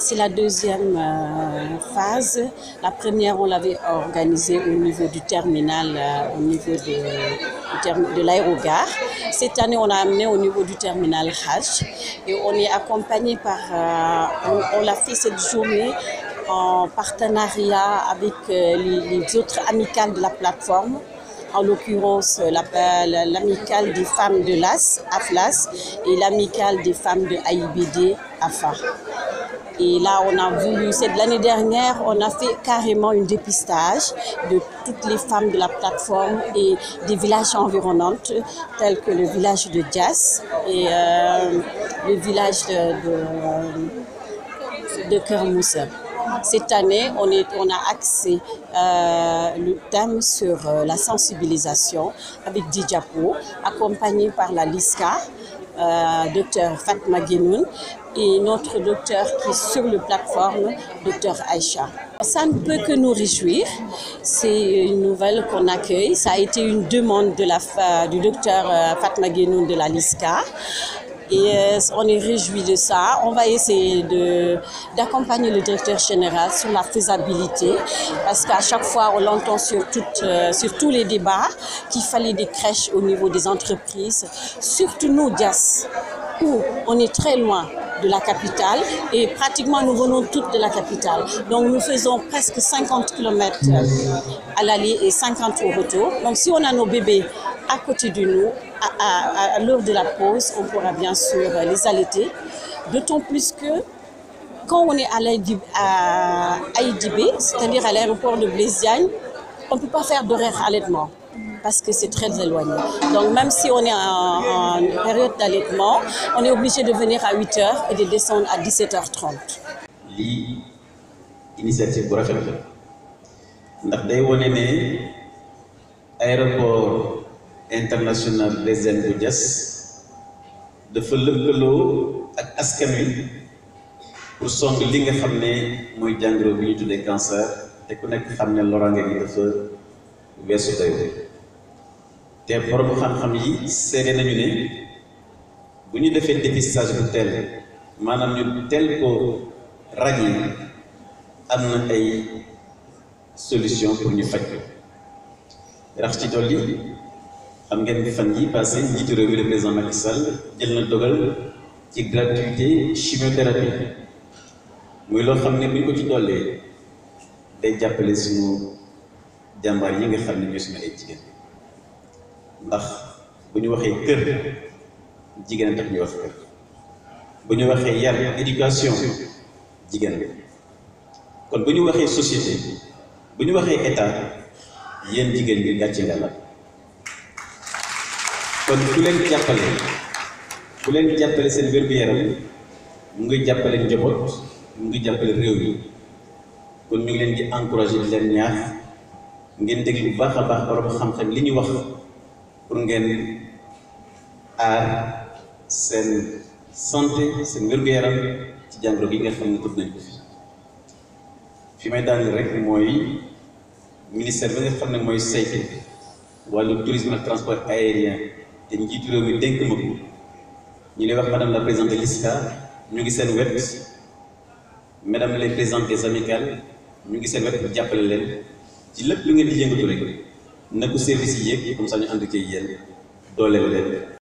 C'est la deuxième euh, phase. La première, on l'avait organisée au niveau du terminal, euh, au niveau de, de l'aérogare. Cette année, on l'a amené au niveau du terminal H, et on est accompagné par, euh, on, l'a fait cette journée en partenariat avec les, les autres amicales de la plateforme en l'occurrence l'amicale des femmes de l'AS, AFLAS, et l'amicale des femmes de AIBD, AFA. Et là, on a vu, c'est de l'année dernière, on a fait carrément un dépistage de toutes les femmes de la plateforme et des villages environnants tels que le village de Dias et euh, le village de, de, Cette année, on, est, on a axé euh, le thème sur euh, la sensibilisation avec Didiapo, accompagné par la LISCA, euh, docteur Fatma Guénoun, et notre docteur qui est sur la plateforme, docteur Aïcha. Ça ne peut que nous réjouir. C'est une nouvelle qu'on accueille. Ça a été une demande de la, du docteur euh, Fatma Guénoun de la Liska. Et euh, on est réjouis de ça. On va essayer d'accompagner le directeur général sur la faisabilité, parce qu'à chaque fois, on l'entend euh, sur, tous les débats qu'il fallait des crèches au niveau des entreprises, surtout nous, Dias, où on est très loin de la capitale et pratiquement nous venons toutes de la capitale. Donc nous faisons presque 50 km euh, à l'aller et 50 au retour. Donc si on a nos bébés à côté de nous, à, l'heure de la pause, on pourra bien sûr les allaiter. D'autant plus que quand on est à Aïdibé, c'est-à-dire à, l'aéroport de Bléziagne, on ne peut pas faire d'horaire allaitement parce que c'est très éloigné. Donc même si on est en, période d'allaitement, on est obligé de venir à 8h et de descendre à 17h30. L'initiative, international Blaise Diagne de dafa lëkkaloo ak askan pour song li nga xamné moy jangro bi ñu tuddee cancer té ku nekk xam ne loraange gi dafa weesu dayoo te borom xam-xam yi seede nañu né bu ñu défé dépistage bu tel manam ñu tel ko ràññee amna ay solution pour ñu fajj ko ci xam ngeen ni fan yi passé njiitu réew mi le président Macky Sall jël na dogal ci gratuité chimiothérapie muy loo xam ne bu ko ci dollee day jàppale suñu jàmbaar yi nga xam ne ñooy suñu ay jigéen ndax bu ñu waxee kër jigéen tax ñu wax kër bu ñu waxee yar éducation jigéen bi kon bu ñu waxee société bu ñu waxee état yéen jigéen bi gàcce nga la kon ku len jappale ku len jappale sen wér-gu-yaram mu ngi jappale njobot mu ngi jappale rew yi kon ñu len di encourager di leen ñaax ngeen degg bu baax a baax borom xam-xam li ñu wax pour ngeen aar sen santé sen wér-gu-yaram ci jàngoro gi nga xam ni tud nañ fi may daaneel rek moy ministère bi nga xam ne mooy saytu walu tourisme ak transport aérien te njiitu rew mi dénk ma ko ñu lay wax madame la présidente de l'ISCA ñu ngi seen wet madame les présidentes des amicales ñu ngi seen wet pour jàppale leen ci lépp lu ngeen di yëngatu rek na service yi yéeg comme ça ñu ànd koy yéen dooleel leen